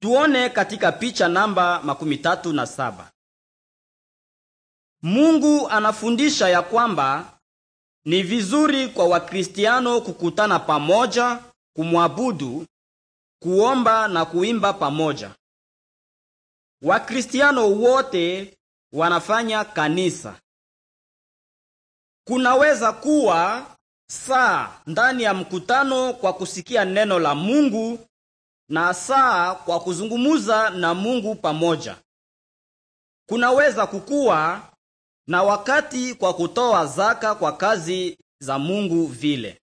Tuone katika picha namba makumi tatu na saba. Mungu anafundisha ya kwamba ni vizuri kwa Wakristiano kukutana pamoja, kumwabudu, kuomba na kuimba pamoja. Wakristiano wote wanafanya kanisa. Kunaweza kuwa saa ndani ya mkutano kwa kusikia neno la Mungu na saa kwa kuzungumza na Mungu pamoja. Kunaweza kukuwa na wakati kwa kutoa zaka kwa kazi za Mungu vile.